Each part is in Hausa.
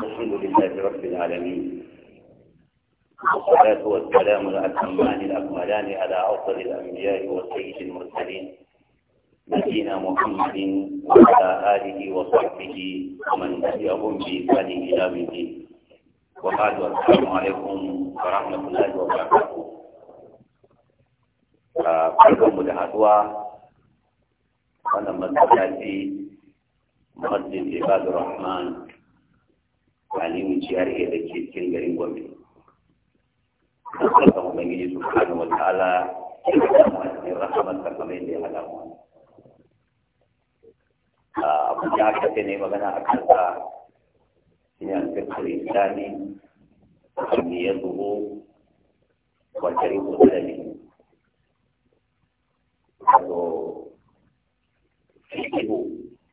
الحمد لله رب العالمين والصلاة والسلام الأتمان الأكملان على أفضل الأنبياء والسيد المرسلين نبينا محمد وعلى آله وصحبه ومن تبعهم بإحسان إلى الدين وبعد السلام عليكم ورحمة الله وبركاته barkanmu da haduwa wannan masallaci مسجد عباد الرحمن alimin ciyar da ke cikin garin gombe da ubangiji su kanu wa ta'ala ya rahamar ta kamar ya hada mu abu da aka ce ne magana a kansa shine alfiqhul islami wani ya zubo wa tarihu salami wato fiqhu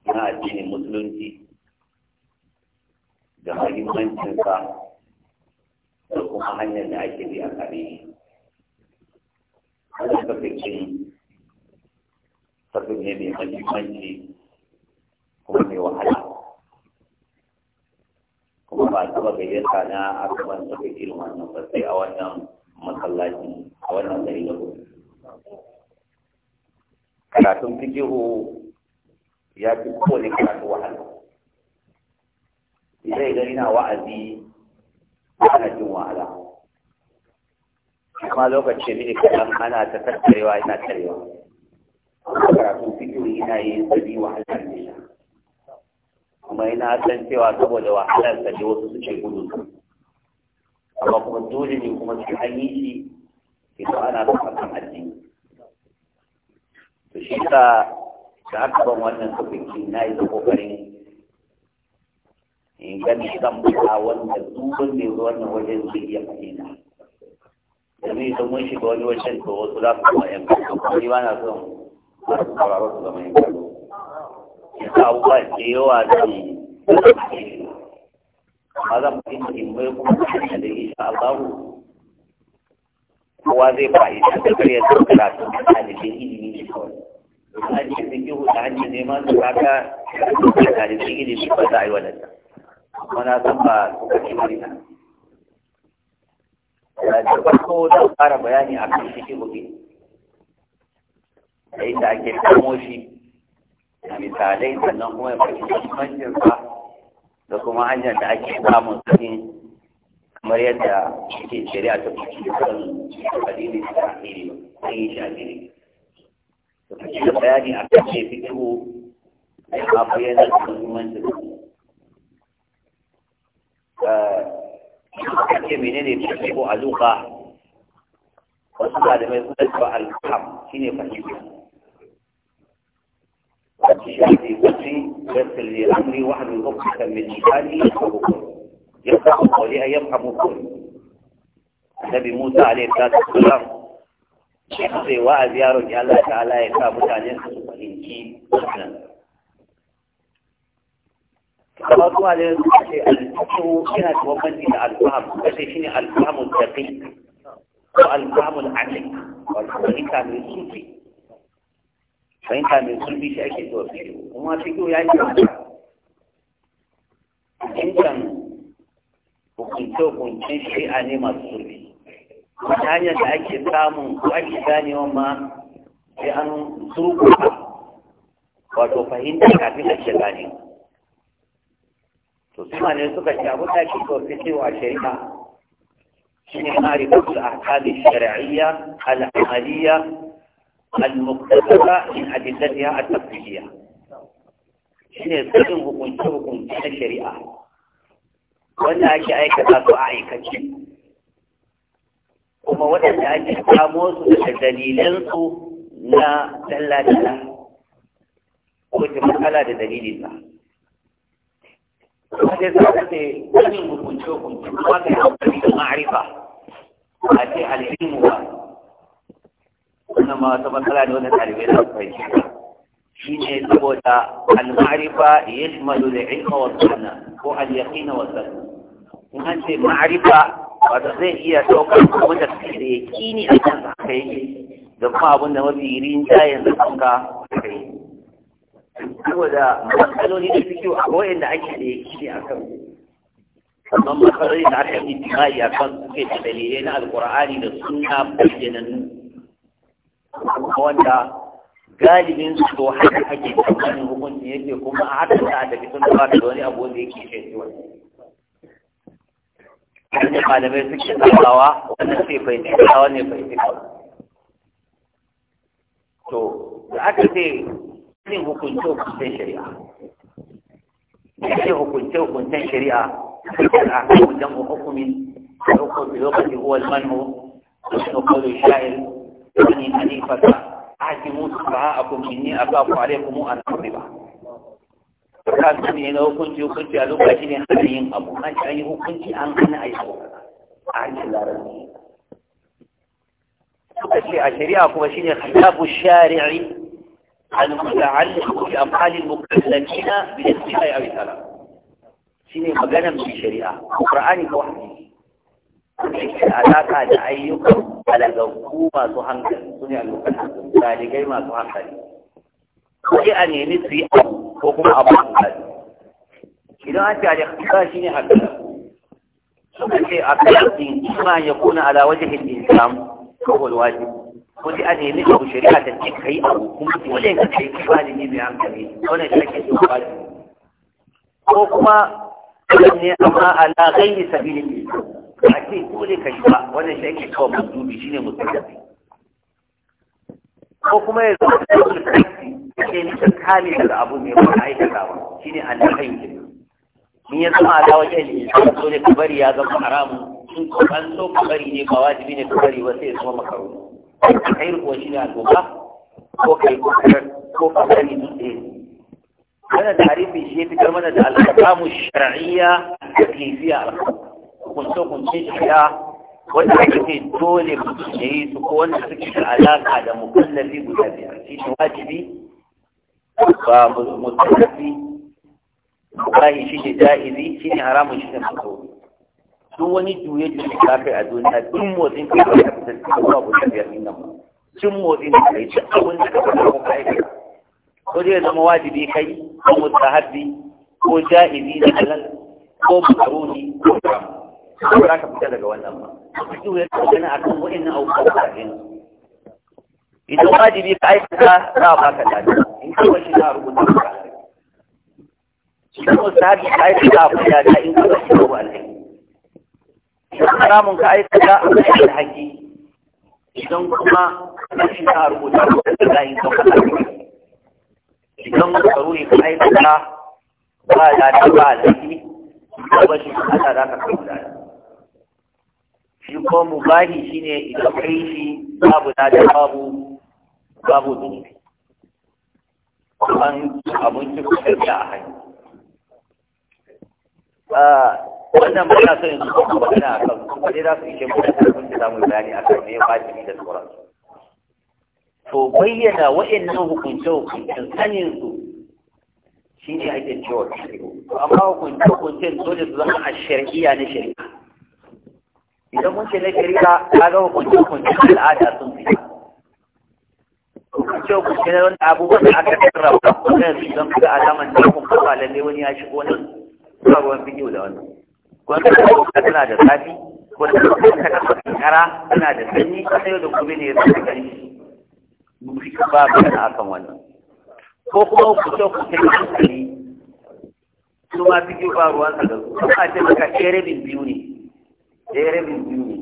na addinin musulunci da mahimmancinsa da kuma hanyar da ake bi a kare wannan tafikin tafik ne mai mahimmanci kuma mai wahala kuma ba ba gayyata na akaban tafikin irin wannan ba sai a wannan masallaci a wannan gari da karatun fikihu ya fi kowane karatu wahala zai gani na wa'azi ana jin wahala kuma lokacin mini kaɗan ana ta tattarewa ina tarewa karatun fikiri ina yin sabi wahalar nila kuma ina san cewa saboda wahalar sa ne wasu suke gudu amma kuma dole ne kuma su an yi shi idan ana son addini to shi ta da aka ban wannan sabbin na yi kokarin in gani zan fita wanda dukkan ne wannan wajen zai iya fahimta yanzu ta mun shiga wani wajen to wasu za su yan kuma ba na son masu sauraro su zama yan Ya yasa abubuwa da yawa zan amma zan fahimta in mai kuma da da insha Allah kowa zai fa'ida da karyar da karatu da ɗalibin ilimi ne kawai an ce sun yi hudu ne ce neman su da ɗalibin ilimi ba za a yi mana zamba ba lokaci wani na da farko zan fara bayani a kan shi gobe da yadda ake kamo shi a misalai sannan kuma ya fahimci mancin da kuma hanyar da ake samun sanin kamar yadda ake shari'a ta kuci kan kalilin da ake yi shahiri da kuci da bayani a kan ce fito ya ma bayyana da muhimmancin ake menene fiqhu a lugha wasu malamai suna cewa al-faham shine fahimta شهدي وجهي يصل لأمري وحد مخفتا من لساني يفهم كل يفهم قولها يفهم كل النبي موسى عليه الصلاة والسلام شخصي وأزيار الله تعالى يفهم متعنين سبحانه kamar zuwa da yanzu ce alfikihu yana da bambanci da alfaham kashe shine alfahamul daqiq ko alfahamul atiq wato fahimta mai sulfi fahimta mai sulfi shi ake zuwa kuma ya yi wata fahimtan hukunce-hukuncen shi'a ne masu sulfi wata hanyar da ake samun ko ake ganewa ma sai an surkuta wato fahimta kafin ake ganewa to suna ne suka ce abu da shi to wa shari'a shi ne a ahkami shari'iyya al'amaliyya al-muqtasaba in adillatiha a tafiya shi ne sanin hukunce-hukunce na shari'a wanda ake aikata su a aikace kuma waɗanda ake samo su da dalilansu na tallata ko ta matsala da dalilinsa sai yasa ku ce sanin hukunce hukunce kuma ka yi amfani da ma'arifa a ce al'ilmu ba wannan ma wata matsala ne wannan ɗalibai za su fahimci shi ne saboda al-ma'arifa ya shimalu da ilma wa sunna ko al-yaqina wa sunna in an ce ma'arifa wato zai iya ɗaukar abin da suke da yaƙini a kan kai da kuma abin da mafi rinjayen da kanka kai saboda matsaloli da suke a wayan da ake da yake a kan amma matsaloli da aka yi jima'i a kan suke da dalilai na alkur'ani da suna bayyanannu wanda galibin su to haka ake tsammanin hukunci yake kuma a haka da da fitin da da wani abu da yake shi wani wanda malamai suke tsawawa wannan sai bai ne wannan bai ne to da aka ce irin hukuncin shari'a yake hukunce-hukuncen shari'a a kan wajen hukumi da hukunci lokaci huwal manhu da suna kodin sha'ir wani A ake musu ba a kumini a ba kware kuma a nafi ba ka su ne na hukunci hukunci a lokaci ne hana yin abu an ci an yi hukunci an hana a yi abu a hancin larabci suka ce a shari'a kuma shine khilafu shari'i المتعلق بأفعال المكلفين بالاستماع أو الكلام شنو مجانا من الشريعة القرآن لوحده alaka da ayyukan alagaggu masu hankali su ne alukatan dalibai masu hankali sai a nemi su yi abu ko kuma abu hankali idan an ce alakasa shi ne hankali suka ce a kayan ya kuna ala wajen islam ko wani a nemi abu shari'a da ke kai abu kuma dole ka kai malami mai hankali wannan shi ake ba malami ko kuma ne amma ala sabili ne a ce dole ka yi ba wani shi ake cewa mazdubi shine musulmi ko kuma ya zama da su kai ke nisa kame daga abu mai wani aikatawa shine annabayin ne ni ya zama ala wajen ne dole ka bari ya zama haramu in ko an so ka bari ne ba wajibi ne ka bari ba sai ya zama makaruni alkhair kuwa shi ne al'umma ko kai ko fasari dutse wannan tarihi shi ya fitar mana da al'akamu shar'iyya da kaifiya al'akamu kunce kunce shari'a wanda ake dole mutum ya yi su ko wanda suke da alaƙa da mukallafi guda biyar shi ne wajibi ba musallafi bayi shi ne ja'izi shi ne haramun shi ne mutum duk wani juye da ka kai a duniya duk motsin ka ba ka fitar da kuma abu tafiyar nan ba cin motsin da kai duk abin da ka fara kuma kai ko zai zama wajibi kai ko mustahabbi ko ja'ibi da halal ko makaruni ko haram ko za ka fita daga wannan ba duk juye ka gana akan wa'annan abubuwa a yanzu idan wajibi ka aikata za a baka dadi in ka shi za a rubuta ka idan mustahabi ka aikata a fayyada da in ka shi ba alheri haramun ka aikata a da haƙi idan kuma kashin ta rubuta da zahin ka faɗa idan ka ne ka da ba da da ba alhaji ko ba shi Allah za ka kawo da shi ko mu shi ne idan ka yi shi babu da da babu babu zunubi kuma abinci ko da a hanyar ah, wannan ba na son yanzu kuma magana a kan kuma dai za su ishe mu da abin da za bayani a kan me ya wajibi da sauransu to bayyana wa'annan hukunce hukuncen sanin su shi ne ake cewa to amma hukunce hukuncen dole su zama a shari'a na shari'a idan mun ce na shari'a ka ga hukunce hukuncen al'ada sun fi hukunce hukunce na wani abubuwan da aka karrama wannan su zama ga alaman da hukunce ba lalle wani ya shigo nan ba ruwan bidiyo da wannan wanda ka tana da zafi wanda ka tana da kara tana da sanyi sai da gobe ne ya zama gari ba ba na akan wannan ko kuma ku ce ku kai hankali su ma fi ba ruwan sa da su kuma ce maka ɗaya rabin biyu ne ɗaya rabin biyu ne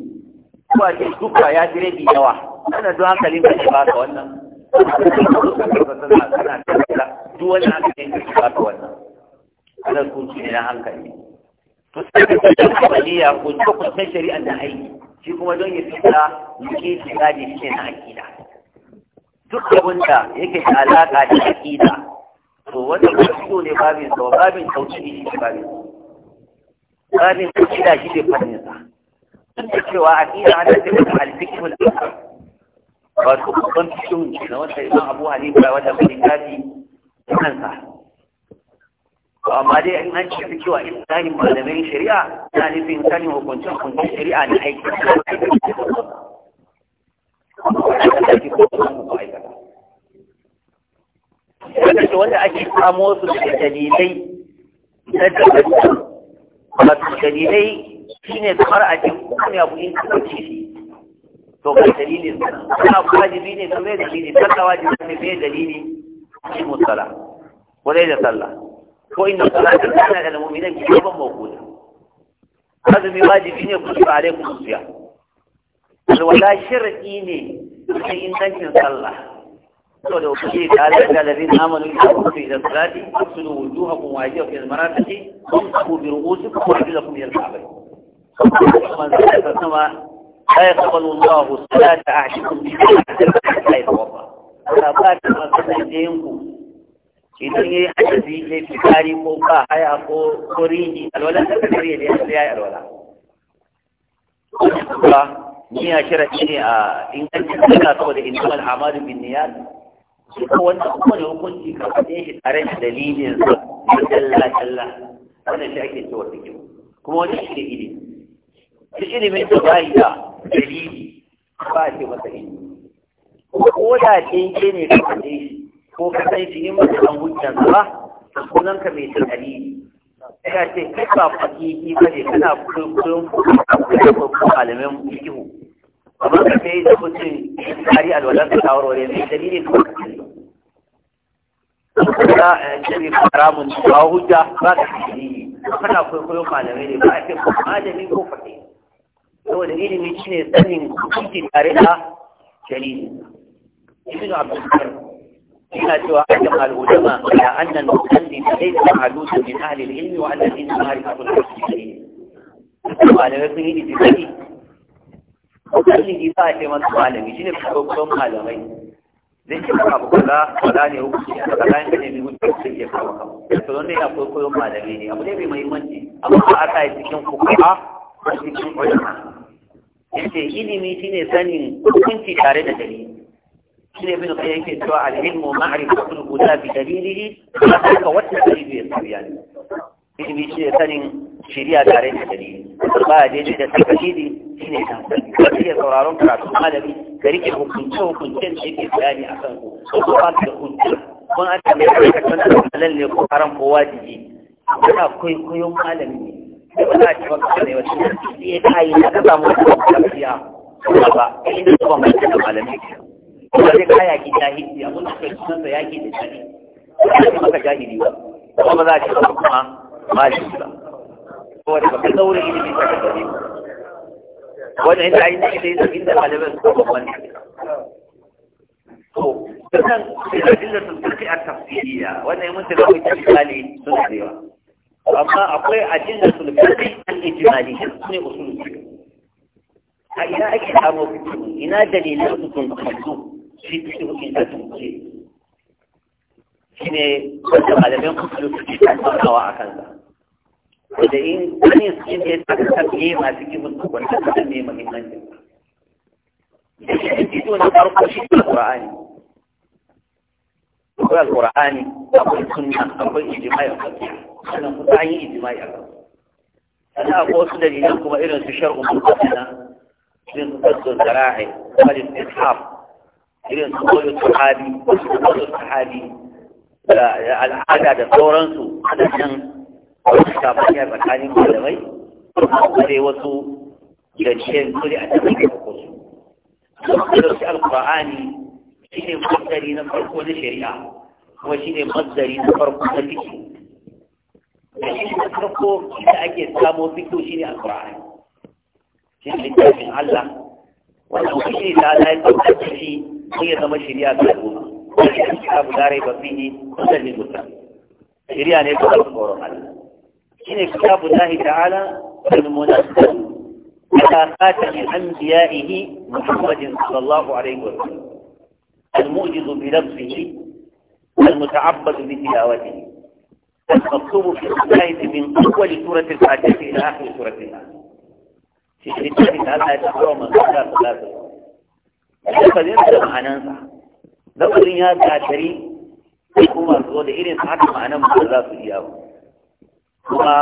ko a ce duka ya fi rabi yawa ana don hankalin ka ba ka wannan duk wani hankalin shi ba ka wannan ana kunci ne na hankali fuskar kabaliya ko ta kusan shari'a da aiki shi kuma don ya fita yake shi gaji shi ne na akida duk abin da yake da alaƙa da akida to wanda ba su ne babin sa babin tauhidi shi babin babin akida shi ne fannin sa duk da cewa akida ana cikin alfikul akbar wato babban cikin na wata imam abu hanifa wanda bai kafi kansa To amma dai in an ce fiki wa islamin malamin shari'a yana nufin sanin hukuncin hukuncin shari'a ne aiki wanda ke wanda ake samo su da dalilai na dabarta wato dalilai shi ne kamar a cikin kowane abu in kuma ce shi to ga dalilin sa abu wajibi ne kamar dalili sallah wajibi ne mai dalili shi musala wadai da sallah وإن صلاة الصلاة على المؤمنين كتابا موجودة هذا من واجبين يكتب عليكم الصيام الولاء شرطيني في إن تنشن صلى ولو تجيك على الذين آمنوا يتعبوا في إلى الصلاة اغسلوا وجوهكم وعجيكم إلى المرافق وامسكوا برؤوسكم وحدوا إلى الكعبة ومن صلى فسمى لا يقبل الله الصلاة أعشكم بها حتى يتوضأ فلا باكر من صلى يديهم idan ya yi ajabi ya fi kari ko ba haya ko korini alwala ta kare ne ya yi alwala kuma niyya sharaɗi ne a ingancin suna saboda intimal amadu bin niyyar duka wannan kuma da hukunci ka faɗe shi tare da dalilin sa da dalla-dalla wannan shi ake cewa da kuma wani shi ne ilimi shi ilimin da ba yi da dalili ba shi masa ilimi ko da ɗin ne ka faɗe shi ko ka sai shi in ba ka san hujjansa ba sunan ka mai tunani ina ce kai ba fakihi ba ne kana kurkurin da ko malamin fikihu amma ka kai da mutum tsari alwalar da shawarware mai dalilin da kuka kai kuma eh, shirin haramun ba hujja ba da dalili kana kurkurin malamai ne ba a ce ko malami ko fakihi saboda ilimi shine sanin hukunci tare da dalilin ibnu abdul karim ina cewa ajam al-ulama da annan mutallin laysa ma'ludun min ahli al-ilm wa anna inna ma'rifatu al-haqiqi malamai sun yi ijtihadi mutallin isa ake masa malami shine babban malamai zai ce maka abu kaza kaza ne hukunci a kaza ne ne hukunci sai ya kawo kawo to don dai akwai koyon malamai ne abu ne mai muhimmanci amma ba a sa cikin kuka ko cikin ulama yace ilimi shine sanin hukunci tare da dalili shine bin kai yake cewa al-ilmu ma'rifatul guda bi dalilihi ka wata dalili ya tsaya ne ilimi shi ne sanin shari'a tare da dalili ba da yake da takadidi ne kan sani sai sauraron karatu malami ka rike hukunce hukuncen da yake bayani a ku ko ba da hukunce kun aka mai aikatan da halal ne ko haram ko wajibi kana kwaikwayon malami ne da ba za a ci maka ne wacce ya kayi na ka samu da tafiya ba inda ba mai da malami ne kuma sai ka yaƙi jahili abun da kai sunan sa yaƙi da jahili ba ka maka jahili ba kuma ba za ka ce kuma malami ba ko da baka daure ilimi ka ka ne wannan inda ai ne sai sai inda malaman su ba wannan to sannan sai da dillatul fiqh at-tafsiriyya wannan mun tsaya mu tsali sun tsayewa amma akwai adillatul fiqh al-ijmaliyya sune usul fiqh a ina ake samu ina dalilan su sun shi ta shi ta tunce shi ne a kansa wanda in wani su yin da ya tsaka sabbi masu kimin ta san mai muhimmancin shi ne na farko shi ne qur'ani akwai alqur'ani akwai sunna akwai ijma'i sannan kuma an yi ijma'i a kansa akwai wasu dalilan kuma irin su shar'u mutasana sun irin su kolin sahabi kolin sahabi da al'ada da sauransu waɗannan wasu sabaniya tsakanin malamai sai wasu ganciyar dole a cikin kakwasu da su alkur'ani shi ne mazdari na farko na shari'a kuma shi ne mazdari na farko na fiki da shi na farko da ake samo fito shi ne alkur'ani shi ne littafin allah wanda shi ne ta laifin da shi sai ya zama shirya ga al'umma wani ya ci abu dare ba fiye kusan ne mutum shirya ne ga tsoron Allah shi ne kitabu lahi ta'ala wani munafikan ala khatami anbiya'ihi muhammadin sallallahu alaihi wa sallam المعجز بنفسه المتعبد بتلاوته المطلوب في الآية من أول سورة الفاتحة إلى آخر سورة الناس في كتاب الله تعالى من الله lafazin da ma'anansa lafazin ya gatari kuma su zo da irin su haka ma'anan ba za su iya ba kuma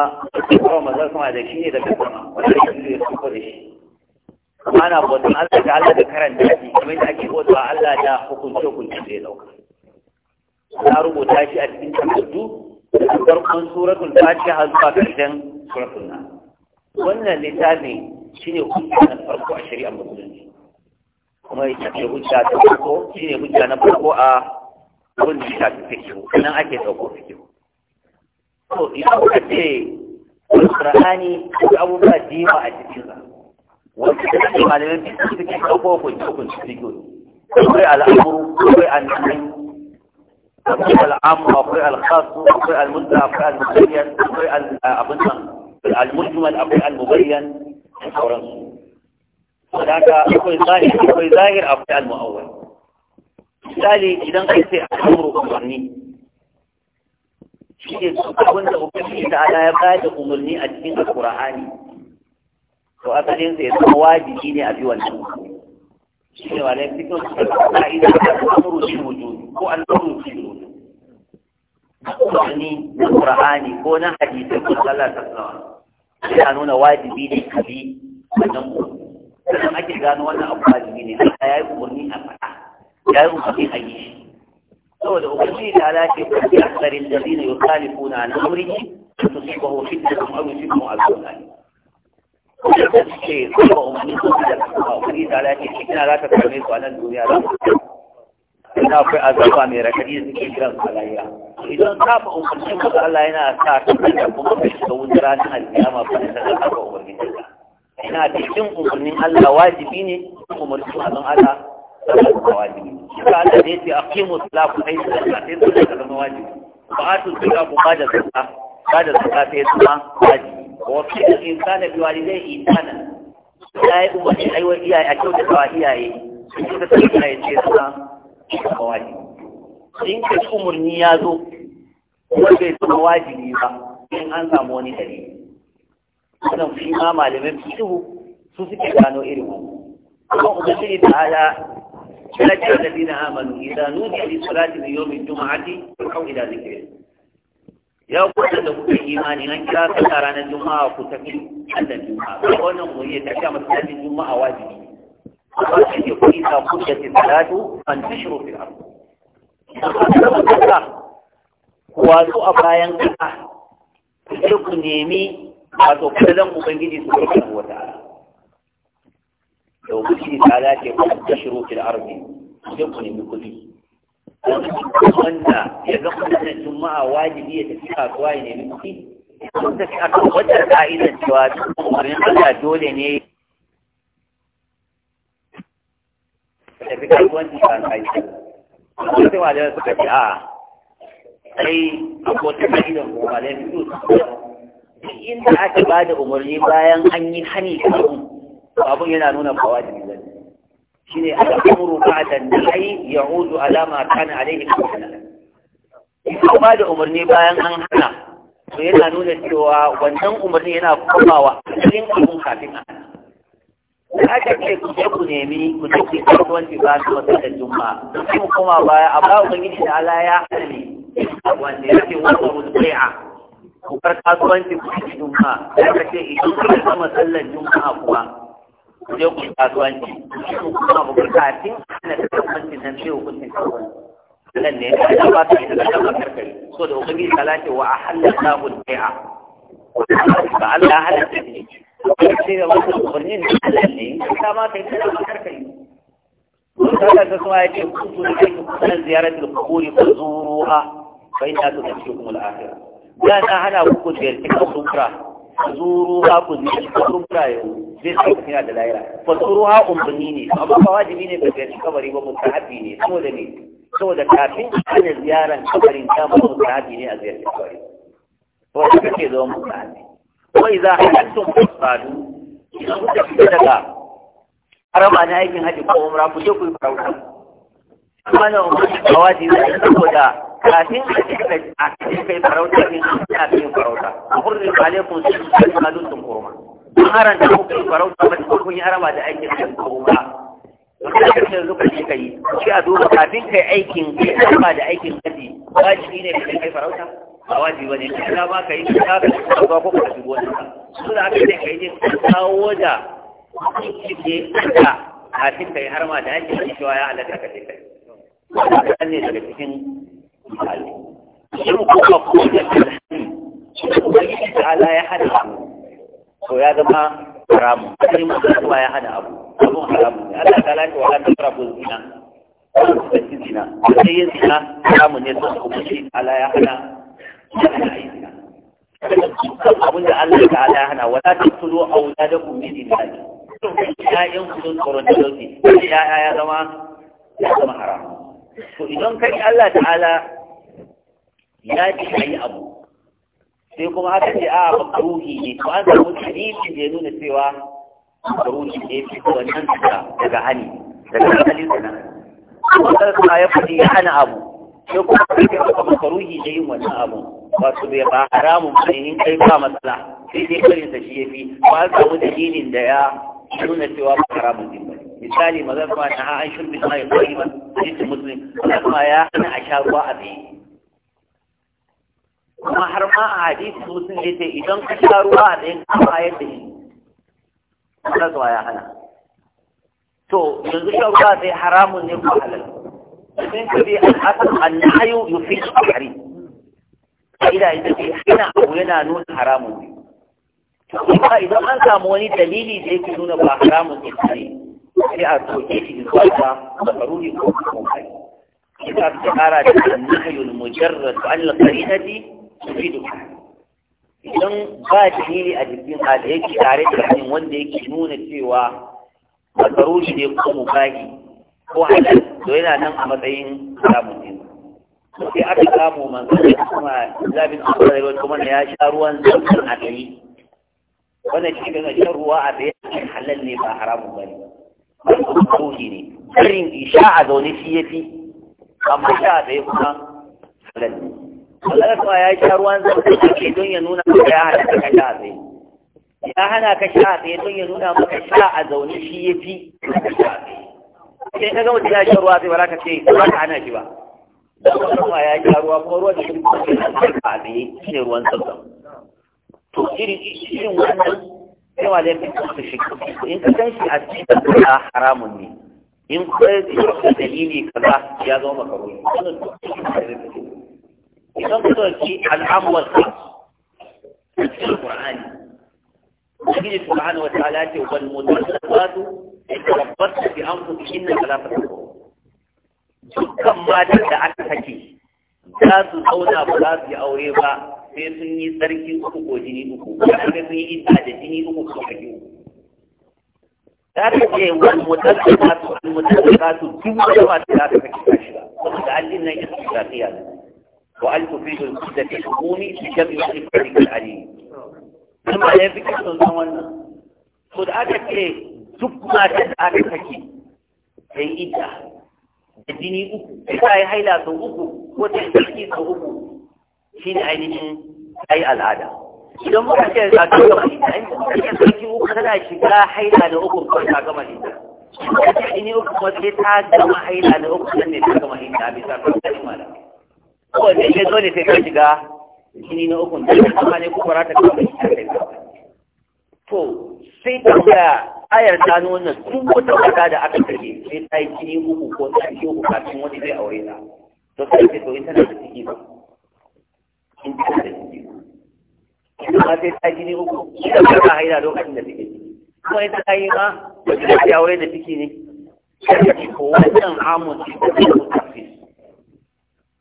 kuma maza kuma da shi ne da kuma wanda ya yi da kuma da shi kuma ana bautan Allah da Allah da karanta shi kamar da ake bautawa Allah da hukunce hukunce da ya dauka na rubuta shi a cikin takardu da farkon suratul fatiha zuwa karshen suratul nas wannan littafi shine hukuncin farko a shari'ar musulunci kuma ita ce hujja ta farko shi ne hujja na farko a abin da shafi fikihu nan ake ɗauko fikihu to idan ka ce alƙur'ani ko abubuwa da a cikin sa wanda ta ce malamin fikihu suke ɗauko hukunci hukunci fikihu akwai al'amuru akwai annabi akwai al'amu akwai alkhasu akwai almudda akwai almubayyan akwai akwai haka akwai zahir akwai zahir akwai al-mu'awwal misali idan kai sai al'amru umarni shi ne abin da ubangiji ta ala ya bayar da umarni a cikin qurani to asalin sai zama wajibi ne a bi wannan shi ne wala fikin ka'ida al-amru bil wujud ko al-amru bil wujud umarni na qur'ani ko na hadisi ko sallallahu alaihi wasallam ya nuna wajibi ne kabi wannan sannan ake gano wannan abu wajibi ne a ya yi umarni a faɗa ya yi umarni a yi shi saboda umarni ta lafi ta fi aksarin da zina yau kalifu na al'amuri ko su suka hofin da kuma abu su kuma abu da ne kuma da suke ba umarni su su da kuma umarni ta lafi shi ina za ta kame su a nan duniya ina akwai azaba mai rakari da suke jiran su a lahira idan ka fa umarni kuma Allah yana sa ta da kuma ka shiga wutar ranar alkiyama ba da ta zaba umarni ta ina da cikin umarnin Allah wajibi ne umarnin manzon Allah sallallahu wajibi shi ka Allah da yace aqimu salata ku sai sallah sai sallah ta zama wajibi ba a su sai ku ba da sallah ba da sallah sai zama wajibi ko wa fi al-insani bi walidayhi insana yayi umarni aiwa iyaye a kyauta wa iyaye shi ka sallah ya ce sallah wajibi in ka umarni ya zo wanda ya zama wajibi ba in an samu wani dalili wannan fi ma malamin fiqhu su suke gano irin wannan kuma shi haya ubangiji ta'ala ثلاثة الذين آمنوا إذا نودي da يوم الجمعة فالحو إلى ila الله ya kuɗa da kuka imani nan kira sallah ranar juma'a ku tafi allah juma'a ba wannan koyi ta kama sallar juma'a wajibi ba shi ke kuɗi ta kuɗa ta salatu an tashiro fil ardh kuwa zo a bayan ka ku ku nemi wato kallon ubangiji su ne wa ta'ala da ubangiji ta ala ce ku ta shiru fil ardi sai ku nemi kuɗi wanda ya ga kuɗin juma'a wajibi ya tafi kasuwa ya nemi kuɗi kun ta fi aka wata ka'idar cewa umarnin Allah dole ne tafi kasuwanci ta aiki wata wajen ka ce a sai a ta ka'idar kuma da ya fi fito duk inda aka ba da umarni bayan an yi hani da abun yana nuna bawa da nizar shi ne aka amuru ba da nahi ya hudu alama kana alaihi kafin ita ba da umarni bayan an hana to yana nuna cewa wannan umarni yana komawa cikin abun kafin a da aka ce ku je ku nemi ku je ku kasuwanci ba su wata da juma sai mu koma baya a ba ubangiji da ala ya hana ne wanda ya ce wani abu da bai'a kukar kasuwanci ku ci juma'a ya kace idan kuka gama sallar juma'a kuma ku je ku kasuwanci ku kuma mu kuka tin na nan sai hukuncin kasuwanci nan ne ya ba ta ita da karkari so da ubangiji salati wa ahallallahu bai'a ba Allah halatta ne sai da wasu kurnin halal ne ta ma kai ta da karkari kada ga kuma ya ce ku ku ne ziyarar da ku ku zuruha fa inna tudrikum al-akhirah Ya na hana ku ku ziyarci kaburin kura zuru ha ku ziyarci kaburin kura yau zai sa ku da lahira fa zuru ha umarni ne amma ba wajibi ne ba ziyarci kabari ba mustahabi ne saboda ne saboda kafin ana ziyaran kabarin ta ba mustahabi ne a ziyarci kabari to da kake zo mustahabi wa idza halattum fasadu idan kuka fita daga harama na aikin haji ko umra ku je ku yi farauta kuma na umra wajibi ne saboda kafin a cikin a cikin kai farauta ne a cikin farauta a hurri alaikum sai ku kai malun sun kurma an haranta ku kai farauta ba ku kun yi araba da aikin sun kurma wanda ka ce ka ce kai shi a duba kafin kai aikin kai araba da aikin kaji wajibi ne kai kai farauta ba wajibi bane kana ma kai ka ka ko ka shigo wannan da aka ce kai ne kawo da kike da kafin kai harma da aikin shi ya Allah ka ce kai wannan ne daga cikin in kuka kuma da ubangiji ta ala ya hada abu to ya zama haramu. haramun asalin musulma ya hana abu abu haramu. ne Allah ta lafi wa hannun rabu zina da ci zina da sai yin zina haramun ne sun ubangiji ta ala ya hana ya hana yi zina dukkan abin da Allah ta ala ya hana wata ta tulo a wuta da kuma yi zina ne ya'yan kudin tsoron talauci ya'ya ya zama ya zama haramun to idan kai Allah ta'ala ya ji a yi abu sai kuma haka ce a ruhi ne to an samu dalilin da ya nuna cewa ruhi ne fi wannan daga daga hani daga halin sana wannan kuma ya fadi ya hana abu sai kuma kake maka makaruhi da yin wannan abu su bai ba haramun ba in kai ba matsala sai dai kare sa shi ya fi ba an samu dalilin da ya nuna cewa ba haramun din ba ne misali mazan ba ta an shirbi ta yi kwari ba jikin musulun kuma ya hana a sha ruwa a tsaye kuma har ma a hadisi musulun ya ce idan ka sha ruwa a tsaye ka bayar da shi kuma zuwa ya hana to yanzu shan ruwa tsaye haramun ne ko halal domin ka bi al'asar annahayu yufi shahari ka'ida ita ce hana abu yana nuna haramun ne to kuma idan an samu wani dalili da yake nuna ba haramun ne sai a soke shi zuwa ga makaruni ko kuma kokari ita ta kara da annahayul mujarrad an laqarinati tufidu idan ba dalili a jikin hali yake tare da hanyar wanda yake nuna cewa makaruni ne ko mubahi ko halal to yana nan a matsayin samun ne sai aka samu manzon da kuma zabin akwai ruwan kuma ya sha ruwan zamzam a gari wannan shi ga shan ruwa a tsaye halal ne ba haramun ba ne aikin tsohi ne irin isha a zaune shi ya fi amma sha ya kuma halal ne Allah kuma ya sha ruwan zafi kake don ya nuna maka ya hana ka sha a tsaye ya hana ka sha a don ya nuna maka sha a zaune shi ya fi a tsaye. sai ka gama ya sha ruwa zai ba za ka ce ba ka hana shi ba don kuma ya sha ruwa kuma ruwan shi ne a tsaye shi ne ruwan zafi to irin wannan sai wa laifin su shi in ka san shi a cikin da haramun ne in kuma da dalili kaza ya zama makaroni wannan duk idan ka dauki al'amwal ka cikin qur'ani ubangiji subhanahu wa ta'ala ce wal mutasabbatu tabbata bi anfusihinna fala tasabbu dukkan matan da aka sake za su zauna ba za su yi aure ba sai sun yi tsarki uku ko jini uku ko sun yi isa da jini uku ko kaki uku ta ta ce wani mutarka ta su wani mutarka ta su duk da ba ta ta kaki shi ba saboda allin nan ya su zafi ya wa an tufi da su da ta kuni su shafi wani farikar ali ba ya fi kasan san wannan Ko da aka ce duk ta da aka kaki sai ita da jini uku sai ta yi haila sau uku ko ta yi sarki sau uku shi ne ainihin ai al'ada idan muka ce ka ta gama lita in muka ce sarki uku tana shiga haila da uku ko ta gama lita muka ce ni uku kuma sai ta gama haila da uku nan ne ta gama lita bisa kan sani ko kowanne ke zo ne sai ta shiga jini na uku da kama ne kuma ta gama lita sai ta to sai ta ga ayar ta nuna sun wata wata da aka take sai ta yi jini uku ko ta yi uku kafin wani zai aure ta to sai ta to in tana da ciki ba in ina ma sai ta jini uku ita ba da take kuma yi ma da ne ta wato an wasu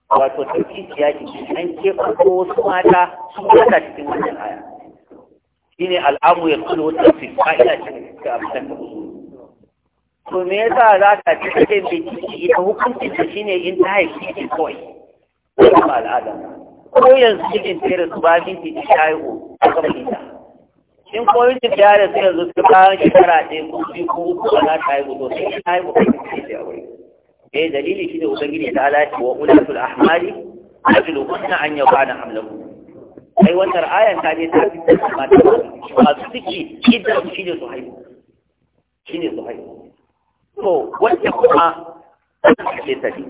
mata sun cikin wannan shi ne al'amu ya kulo tafi ka'ida ce ga abinan da usul to me yasa za ta ce mai ciki ita hukuncin shine in ta haifi ce kawai ba al'ada ko yanzu cikin tere su ba shi ke ya a kan nita in ko yin tafiya da su yanzu su ba shi kara ɗaya ko shi ko uku ba za ta yi gudu sai shi shayo ko shi ke da ya yi dalili shi ne gini ta alaƙi wa a ahmali ajilu Na an yaba na hamlaku ai wannan ayan ta ne ta fi mata masu ciki idan shi ne su haihu shi ne su haihu to wacce kuma ta ce ta ne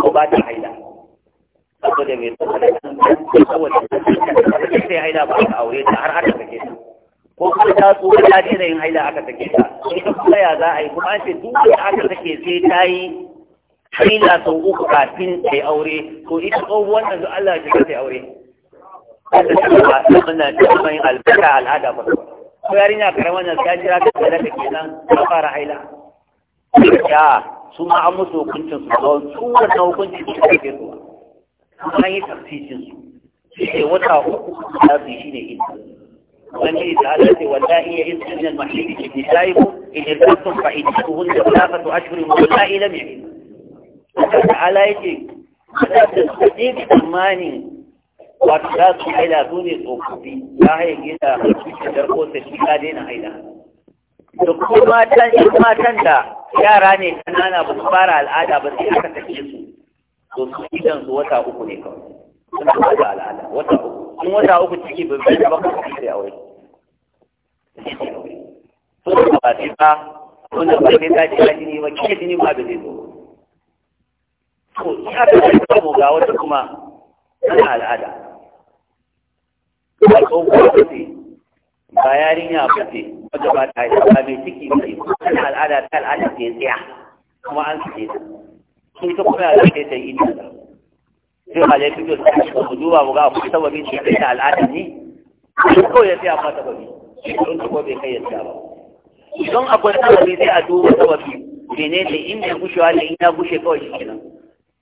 ko ba ta haila da mai saboda sai haila ba a aure ta har aka sake ta ko kuma ta tsohon ta daina yin haila aka sake ta sai ta kuma ya za a yi kuma an ce duk da aka sake sai ta yi haila sau uku kafin ta yi aure to ita tsohuwan da zuwa Allah ta ta yi aure wanda ta ba ta muna ta kuma yin albarka al'ada ba ko yarinya karamar nan ta jira ta da ta nan ta fara haila ya su ma an musu hukuncin su don su wannan hukuncin su ke zuwa an yi tafsirin su shi wata uku za su shi ne idda wani da ala ce wallahi ya idda min da mahidi bi nisaiku in irtum fa idduhun da lafatu ashhurin wallahi lam yahid Allah ta'ala yake kada da tsadi tsammani wato za su haila su ne tsofaffi ta haye gida a cikin darko ta shi ka daina haila da kuma matan da yara ne kanana ba su fara al'ada ba sai aka tafiye su to su idan su wata uku ne kawai suna ba da al'ada wata uku in wata uku ciki ba bai ba ka kai da aure so da ba sai ba wanda ba sai ta ji jini ba kike jini ma ba zai zo to ya da ta mu ga wata kuma ana al'ada ba ko ko ce ba yarinya ba ce wanda ba ta yi ba mai ciki ba ce al'ada ta al'ada ce tsaya kuma an ce ta Sun ta kuma da kai sai da sai fito da suka ku duba mu ga ku sababin shi da al'ada ne ko ya tsaya ba sababi don ko bai kai ya tsaya ba Don akwai sababi sai a duba sababi ne gushe wa ne in ya gushe kawai shi kenan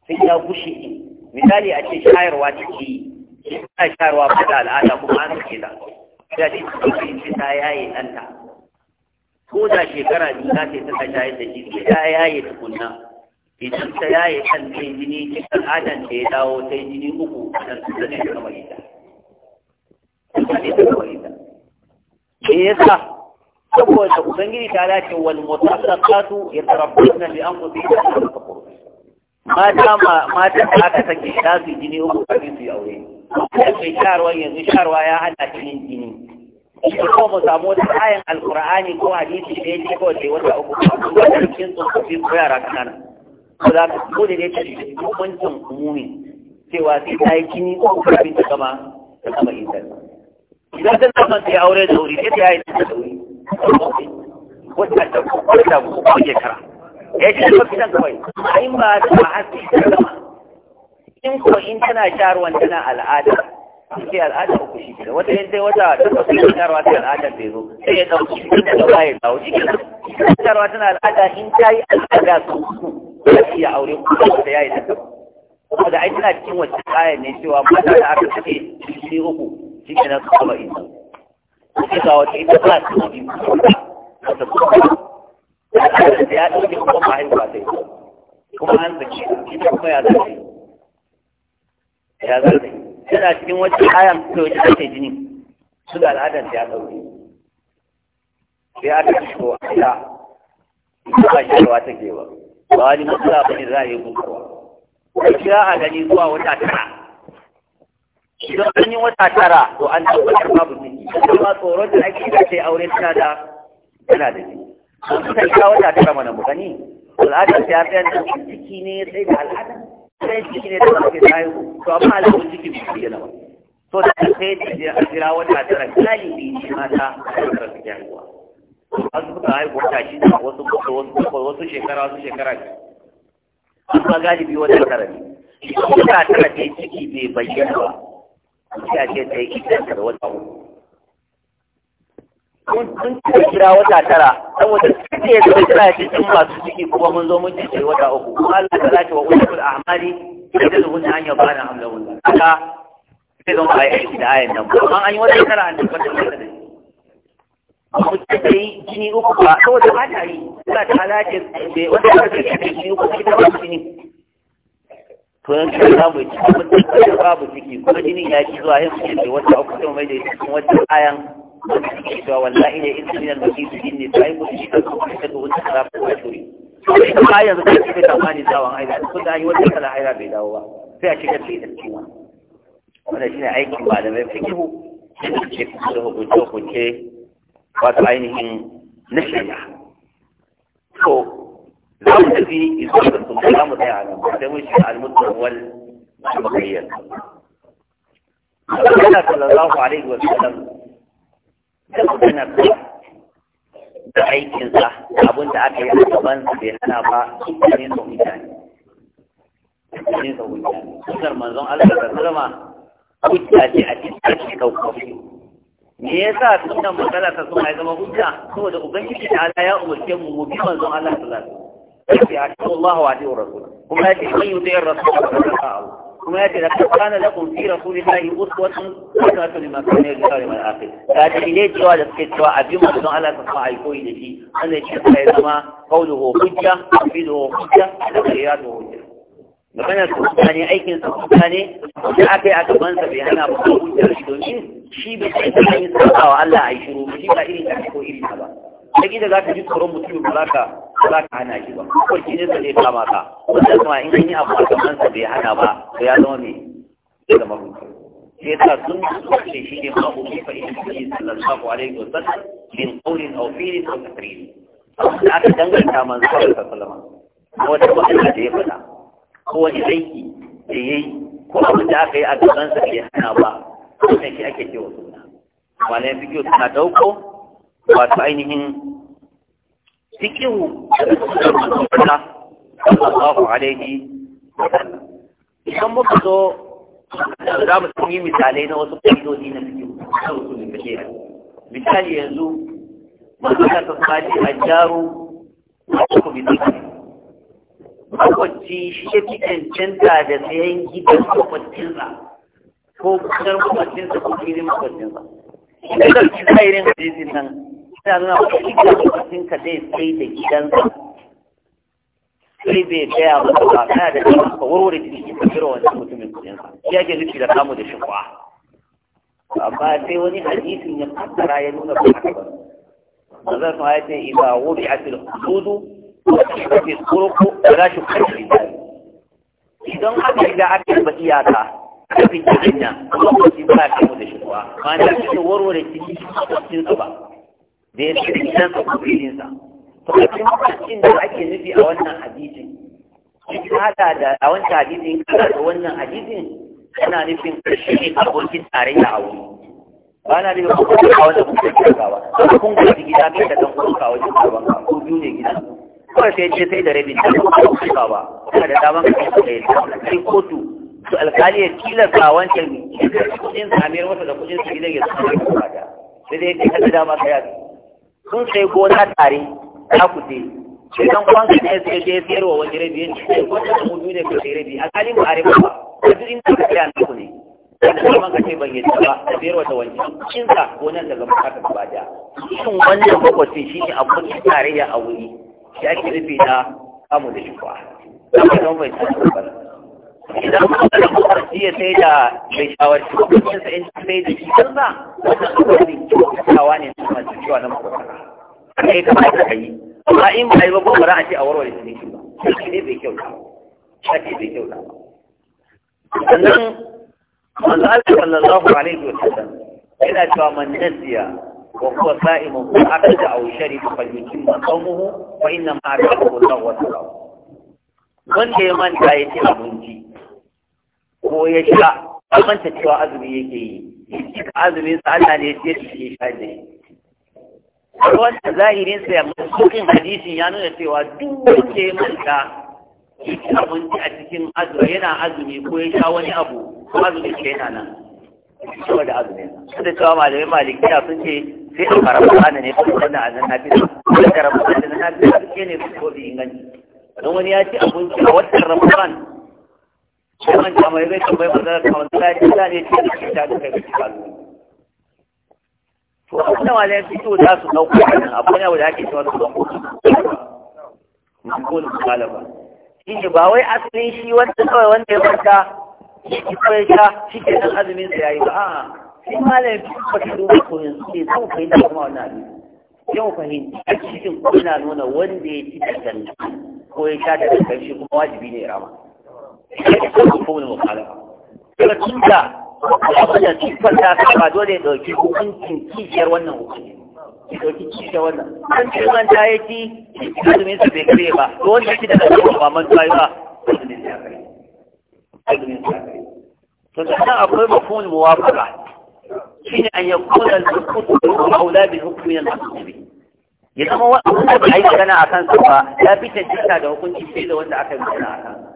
sai ya gushe misali a ce shayarwa take yi ina shayarwa ba da al'ada kuma an ke da ya ce kuma ta yaye ɗanta ko da shekara biyu za ta yi ta shayar da shi ta yaye tukunna idan ta yaye kan ɗin jini cikin adan da ya dawo ta jini uku nan su zane ta kamar ita me sa? saboda ubangiji ta dace wal mutallaqatu yatarabbasna bi anfusihinna thalathata qurun mata mata da aka sake ta su jini uku kafin su yi aure sai sharwa yanzu sharwa ya hada cikin jini ko kuma mu samu wata ayan alqur'ani ko hadisi da yake kawai wata uku wata rikin tsofaffi ko yara kanana Kula da ka dole ne ta shiga cikin wancan umumi cewa sai ta yi kini ko kafin ta gama ta gama intan idan ta zama ta yi aure da wuri sai ta yi ta da wuri wata ta kwata ko ke kara ya ce ba fitan kawai a in ba ta hasi ta gama in ko in tana sharuwan tana al'ada sai al'ada uku shi da wata yin sai wata ta kasu da tarwa ta al'adar bai zo sai ya ɗauki shi da ba ya shi tarwa tana al'ada in ta yi al'ada su ta ya aure kuma da ya yi ta kuma da ai tana cikin wata kayan ne cewa mata da aka kace shi uku shi kenan su kama ina sai ga wata ita ba su ne wata kuma al'adar da ya ɗauki kuma ba haihuwa ta yi kuma an zaki kuma ya zaki ya zaki yana cikin wacce ayan to ita take jini su da al'adar ya sauri. sai aka shigo a ta ba shirwa take ba ba wani matsala ba ne za a yi gukarwa a za a gani zuwa wata tara idan an yi wata tara to an tabbatar babu ciki amma tsoron da ake da ce aure tana da tana da Ko sun ta kira wata tara mana mu gani al'adar ta tsaya da ciki ne sai da al'adar sai ciki ne da ba ke tsayo to amma alamun ciki bai bayyana ba to da kai da a jira wata tara galibi mata a tara su haihuwa wasu suka haihu wata shi da wasu wasu shekara wasu shekara ne amma galibi wata tara ne idan wata tara ta ciki bai bayyana ba sai ake ta yi idan da wata uku mun cika gida wata tara saboda suke ya zama tana cikin masu ciki kuma mun zo mun cike wata uku kuma Allah ta lati wa ulul ahmali da da zuwa hanya ba na hamla wannan aka sai zama ayi shi da ayin nan kuma an yi wata tara an tabbata da shi mu cike yi jini uku ba saboda ba ta yi ba ta lati da wata tara da jini uku ita ba ne. to yanzu samun samu ciki mun tabbata babu ciki kuma jinin ya ci zuwa yin ciki wata uku sai mai da cikin wata ayan wallahi ne in sunan da kisu din ne sai mutum shi kanka kuma ta duhun tsara ko ta shuri ba yanzu da kike tsammani tsawon haila ko da yi wannan kala haila bai dawo ba sai a shiga cikin cikin wannan shine aikin ba da malamai fikihu ce da hukunce hukunce wato ainihin na shari'a to za mu tafi izuwa da sun za mu tsaya nan sai mun shiga almutum wal makayyar Allah sallallahu alaihi wa sallam da maganarsa da aikinsa abin da aka yi a gabansa bai hana ba cikin sau mutane ne sau mutane cikin manzon Allah da salama hujja ce a cikin ake kaukofi me yasa sunan magana ta suna zama hujja saboda ubangiji ta Allah ya umarce mu mu bi manzon Allah sallallahu alaihi ya ce Allahu wa rasuluhu kuma ya ce man yuti ar-rasul fa Allah kuma ya ce da kun kana lakum fi rasulillahi uswatun hasanatun liman kana yusari mal akhir ta dalile cewa da suke cewa abin mu don Allah ta fa ai koyi da shi Allah ya ce ya zama qawluhu hujja fi'luhu hujja da qiyadu hujja magana su mutane aikin su mutane da aka yi a gaban sa bai hana ba hujja shi domin shi bai sai ta yi sabawa Allah ai shiru shi ba irin ta ko irin ta ba da gida za ka ji tsoron mutum ba za ka ba ka hana shi ba kwarki ne da zai kama ka wanda kuma in an yi abu a kamansa bai hana ba to ya zama mai da zama hutu sai ta sun ce shi ne ma hukumi fa in shi sallallahu alaihi wa min qawlin aw fi'lin aw taqririn da aka danganta manzo sallallahu alaihi wa sallam wata magana da ya fada ko wani aiki da yayi ko abu da aka yi a gabansa bai hana ba wannan ke ake cewa suna malayan fikiyo suna dauko wato ainihin cikin da sallallahu alaihi idan muka zo za mu sun yi misalai na wasu ƙaidodi na cikin sauƙin da ke misali yanzu masana ta tsari a jaro a kuma bisu makwanci shi fi cancanta da sayan gidan makwancinsa ko kusan makwancinsa ko filin makwancinsa. Ina da irin hadisin nan yana nuna maka inda lokacin ka zai sai da gidansa sai bai gaya maka ba kana da ɗan ka warware jini ka kira wannan mutumin kuɗinsa shi ke nufi da kamu da shakwa amma sai wani hadisin ya fassara ya nuna ba haka ba manzon sun ya ce idza wubi'at al-hududu wa tashrif al-turuq la shukka lillahi idan aka riga aka yi iyaka kafin jirgin hanya kuma ba shi ba ka mu da shakwa ma na cikin warware jini cikin ba da ya ce nan ka kuɗin sa to a cikin hukuncin da ake nufi a wannan hadisin in ka hada da a wancan hadisin ka da wannan hadisin kana nufin karshe ne abokin tarayya a wuri ba na nufin abokin a da mutum ke gawa kuma kun gaji gida mai da kan kuma kawo gaban ka ko biyu ne gida Kuma sai ce sai da rabin da kuma kuma ba kuma da daman ka kai da yadda sai kotu to alkali ya tilasta wancan kudin samiyar masa da kudin su gidan ya zama da sai dai ya ce da dama ka yaki sun sai gona tare za ku je idan kwan ne sai je sayarwa wani rabi yanzu sai gwada da mutu ne kai rabi a kali a rabi ba a duk inda ka tsaya na ku ne da kuma ka ce ban yi ba a sayarwa da wani cikin ka gonar daga mutaka gaba da shin wannan makwacin shi ne abokin tarayya a wuri shi ake rufe na kamu da shi kwa. idan kuma da kuma jiya sai da mai shawarci kuma sai sai da shi kan sa wannan kuma ne kyautawa ne na masu cewa na mako makwata kai ka ba ka yi amma in ba yi ba ba a ce a warware su ne shi ba shi ne bai kyauta ba shi bai kyauta ba sannan manzo Allah sallallahu alaihi wa sallam yana cewa man nasiya wa huwa sa'imun fa akada aw shariba falyutimma qawmuhu fa inna ma'a rabbuhu lahu wa wanda ya manta ya ce abinci ko ya sha bambanta cewa azumi yake yi cika azumin sa Allah ne ya ce sha da wannan zahirin sa yamma cikin hadisin ya nuna cewa duk wanda ya manta yake abinci a cikin azumi yana azumi ko ya sha wani abu ko azumi ke yana nan cewa da azumi da cewa malamai malikiya sun ce sai a fara bukana ne kuma wannan a nan nafi da rabu da nan nafi da ne su ko bi inganci don wani ya ci abinci a watan ramadan kuma jami'ai zai tambayi manzana kamar suna yi ta ne ce da shi ta da kai da kalu to a kuma wani fito za su ɗauko wannan abu ne abu da ake cewa su ɗauko makolin kalaba shi ne ba wai asalin shi wanda kawai wanda ya manta shi kawai sha shi ke nan azumin sa yayi ba a'a shi malamin fito ba ta duba ko yanzu ne zan fahimta kuma wannan abin yau fahimci a cikin kuna nuna wanda ya ci da ko ya sha da kankan shi kuma wajibi ne ya rama hukumar mukhalafa kuma tunda abin da cikin ta saba dole ya ɗauki hukuncin kijiyar wannan hukunci ya wannan ta yi bai ba wanda shi da ba ba a yi magana a kansa ba ya fi cancanta da hukunci fiye da wanda aka yi magana a kansa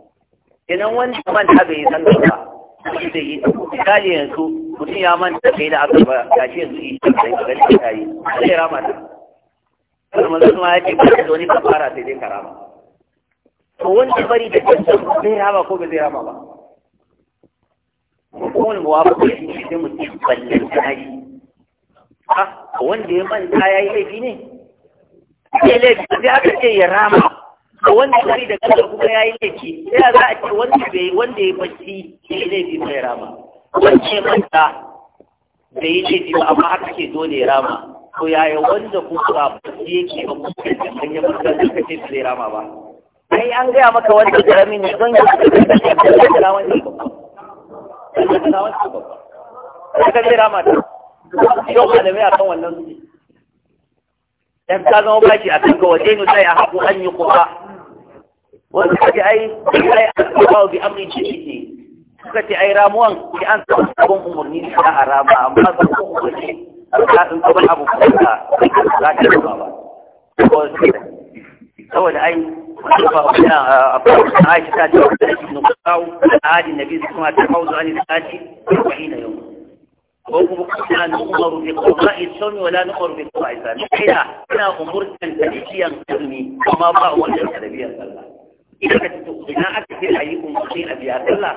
wani wanda manta bai yi da ba shi bai yi yanzu mutum ya manta kai da aka ba ga shi yanzu yi sai ka gani ta yi sai rama ta kuma zan ma yake ba da wani kafara sai dai karama to wani bari da kanta zai rama ko bai zai rama ba ko wani muwafa shi sai mutum ballan ta yi ha wanda ya manta ya yi laifi ne ya laifi sai aka ce ya rama da wanda ya yi da kansa kuma ya yi laifi ya za a ce wanda bai wanda ya bacci ya yi laifi mai rama wanda ya manta bai yi laifi ba amma haka ke dole ya rama ko yaya wanda kuma ba bacci yake ba kuka da kanya manta da kace bai rama ba ai an gaya maka wanda karami ne don ya kace da wani ka zai rama ta yau malamai akan wannan su dan ta zama bashi a kan ga wajen da ya haku an yi kuma wanda kaji ai ai an saba bi amri suka ce ai ramuwan ki an saba umarni ne a harama amma ba ku ku ce ka san sabon abu ku ka za ka yi ba saboda ai ba ku na a ba a ta ce wata da shi ne ku a hajji na biyu kuma ta hau zuwa ne ta yi na yau ko kuma ku na ni umaru bi ko ma in sauni wala ni umaru bi ko ina umurtan da ijiyan azumi amma ba wanda ya tarbiyyar idan idan aka ce a yi umarni a biya sallah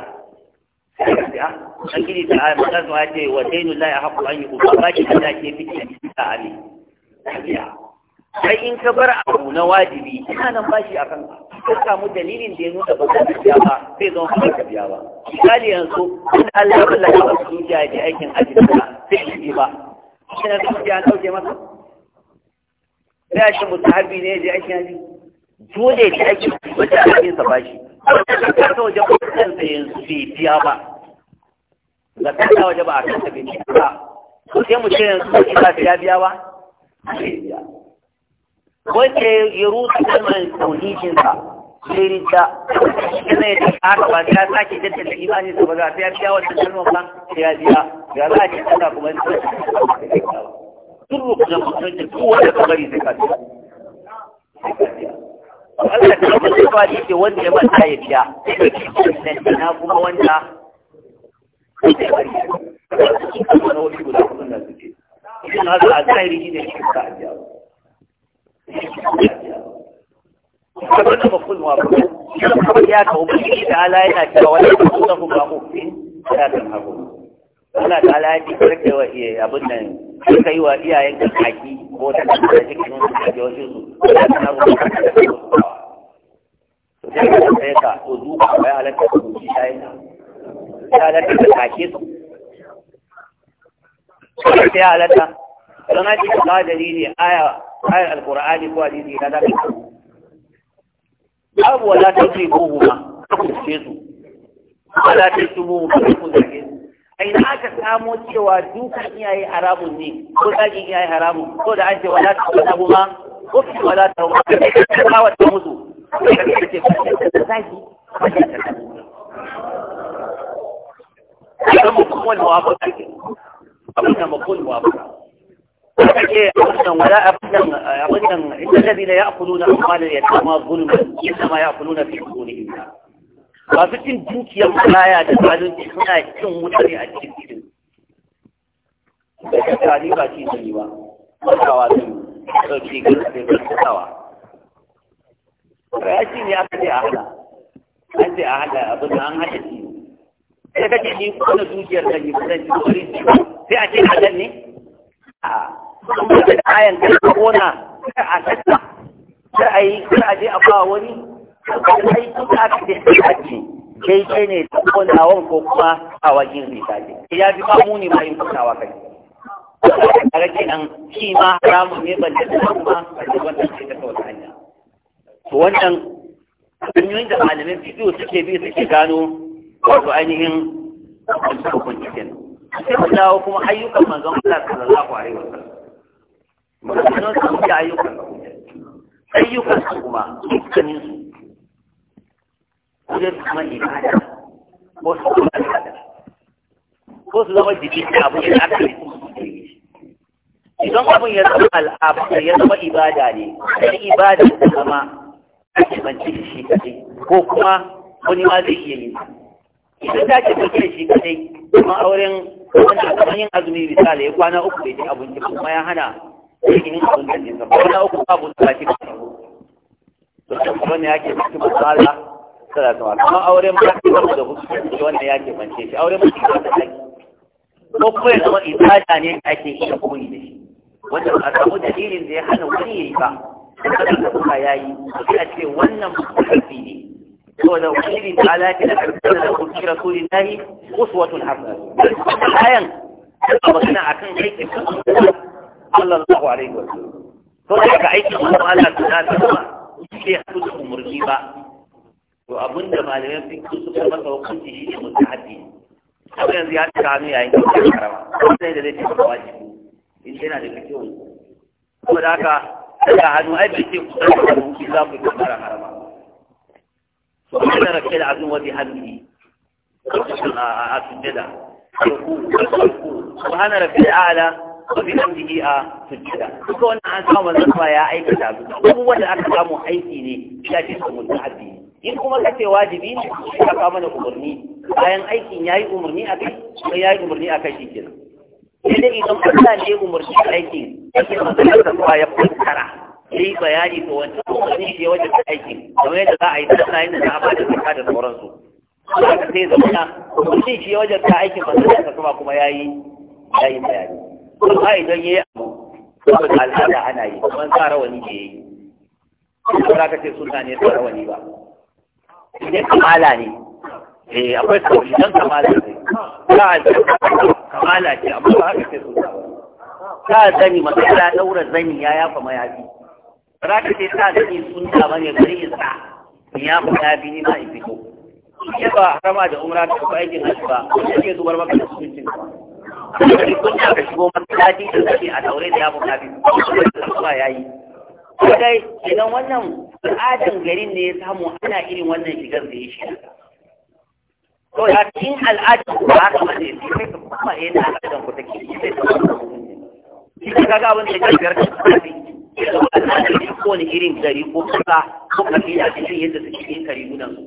Sakiri ah, ta an matar zuwa ce wa dainu la ya haku an yi uba ba ki da ke fiki a cikin ta'ali. Sai in ka bar abu na wajibi ina nan bashi akan ka samu dalilin da ya nuna ba ka biya ba sai zama ba ka biya ba. Misali yanzu in Allah Allah ya ba su zuciya da aikin ajiyarsa sai ki ba. Shi na an ɗauke masa. Sai a shi mutahabi ne ya da aikin ajiyarsa. dole ne ake wata ake sa bashi wata ka waje ba kan sa yanzu biya ba ga waje ba a kan sa bai biya ba ko sai mu ce ba ba ya biya ba wace ya rusa kalmar tauhidin sai rita ya ba ta sake jaddada imani sa ba za ta biya kalmar ba ya biya ga za a ce tana kuma ya ba. duk rukunan mutum da kowace kamar zai Allah ta kuma da fadi ce wanda ya manta ya biya da na kuma wanda idan haka a tsari ne da maful wa ba ya da ala yana da su da ta ala ya wa eh, abin iyayen ka kaki ko ta kaki da jikin su da su da to sai ka halatta ka duki shayin nan ayar alkur'ani ko hadisi na da ka babu wala ta ce ko huma ka su wala ta ce buhu ka kuce su a ina aka samo cewa dukan iyaye haramun ne ko tsakin iyaye haramun ko da an ce wala ta wala kuma ko fi ta wala ta kawo ta ولا أبدا أبدا إن الذين يأكلون أموال اليتامى ظلما إنما يأكلون في masu cin dukiyar baya da zalunci suna cin mutane a cikin cikin da shakari ba ci zuni ba wata wasu ɗauki ga ɗauki kasawa raki ne aka ce a hada an ce a hada abin da an hada ciwo sai kake ni kuna dukiyar da yiwu zan ci kwari sai a ce a dan ne a kuma da ayan da ka kona a sassa, kar a yi kar a je a ba wani sai kuma aka ce a ce kai kai ne ta konawan ko kuma a wajen rita ce ya fi ba muni ma yin kusawa kai a rage nan shi ma ramu ne ban da kuma a ce wannan ce ta kawai hanya to wannan hanyoyin da malamin bidiyo suke bi suke gano wato ainihin hukunci kenan sai mu dawo kuma ayyukan manzon Allah sallallahu alaihi wasallam manzon sun yi ayyukan ayyukan su kuma dukkanin su kudin kuma ibada ko su kuma ibada ko su zama jiki da abu da aka yi idan abin ya zama al'ada ya zama ibada ne sai ibada ta zama ake banci da shi kadai ko kuma wani ma zai iya yin idan ta ce banci da shi kadai kuma auren wanda kamar yin azumi misali ya kwana uku bai ci abinci kuma ya hana yin abin da zama kwana uku babu da shi ba to ta kuma ne yake banci masala sada sama kuma auren ba ta da hukunci wanda yake banci shi auren ba ta da shi ko kuma ya zama ibada ne ake iya koyi da shi wanda ba a samu dalilin da ya hana wani ya yi ba da da kuma yayi sai a ce wannan musulmi ne saboda ubangiji ta alaƙi da karfin da kuma kira suri ta yi uswatun hasana ayan ta magana akan aikin sallallahu alaihi wasallam to da ka aikin kuma Allah ta ta kuma sai hadu da umurni ba to abinda malaman fiqh suka masa hukunci shi ne mutahaddi abin yanzu ya tsaka hannu yayin da ya karama sai da zai tafi wajibi in yana da fiqh saboda haka daga hannu ai bai ce kusa da hannu shi za ku yi kamar harama to ana rake da abin wani hannu a sujjada subhana da a'la bi wa bihamdihi a sujjada duka wannan an samu zama ya aiki da su abubuwan da aka samu aiki ne ya ce su mustahabi in kuma ka ce wajibi ne ka kama da umarni bayan aikin ya yi umarni a kai ya yi umarni a kai shi kenan sai idan Allah ne umarci aikin yake magana da kuma ya fassara sai bayani ko wanda umarni ne wajen aikin kamar yadda za a yi sallah yadda za a ba da zakka da sauransu haka sai zama na umarni shi wajen ta aikin masu da kuma kuma ya yi ya yi bayani ko ba idan ya yi abu ko da al'ada ana yi kuma sa rawani ke yi ko za ka ce suna ne sa rawani ba idan kamala ne eh akwai kawai idan kamala ne za a kamala ce amma ba haka ce sosai ta zani matsala daura zani ya yafa mayafi za ka ce ta zani sun ta bane bari isa ya fi mayafi ni ma in fito ya ba harama da umra da kuma aikin hajji ba ya ke zubar maka da cikin kun ka shigo masallaci da kake a daure da yafi mayafi kuma ya yi kai idan wannan al'adan garin ne ya samu ana irin wannan shigar da ya shiga to ya cin al'ada ba haka ba ne kai ka kuma yana al'adan ku take shi zai tsaya shi ka kaga abin da ke biyar ka tafi al'ada ne ko ne irin gari ko kusa ko kabila ce yadda suke yin kari gudan su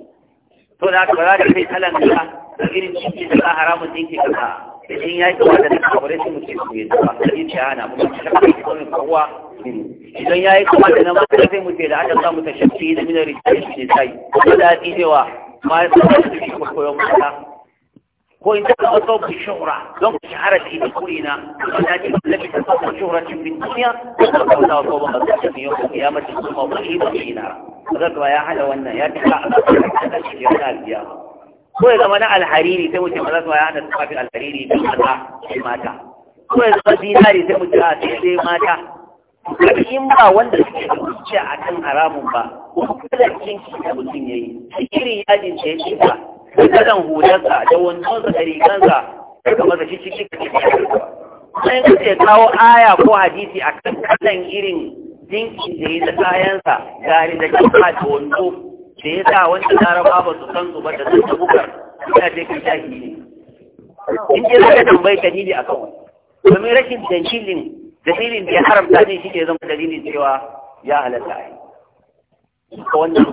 to da haka ba za ka kai kalan da da irin cikin da haramun ɗin ke kasa idan ya yi kama da na aure su mutum su yi zama sai yana ba mutum shafi da kuma kowa idan ya yi kama da na mata sai mutum da aka samu ta shafi da minar rikici ne sai ko da ya tsinewa ما يصدق في مكويوم الله كوين تقوى بالشهرة لم تشعر في كوينا ونادي الذي تقوى شهرة في الدنيا وتقوى توبة مدرسة في يوم القيامة ثم ضحيبة فينا نار فذلك يا حلا وانا يا تقع هذا الشيء يا القيامة كوين زمنا الحريري تموت مدرسة يا أنا تقع في الحريري بمدرسة ماتا كوين زمنا ديناري تموت مدرسة ماتا kada ba wanda suke da kuciya a kan haramun ba kada kuma da mutum ya yi irin kiri yajin ya shi ba kadan hudansa, da wandonsa da rigansa masa shi ciki da ciki sai ka ce kawo aya ko hadisi a kan kadan irin jinki da ya da kayansa gari da jama'a da wando da ya sa wanda laraba ba su san su ba da sun tabukar ya je ka shahi ne in ji zaka tambayi dalili akan wani domin rashin dalilin dalilin da ya haramta ne shi ne zama dalilin cewa ya halatta a yi ka wannan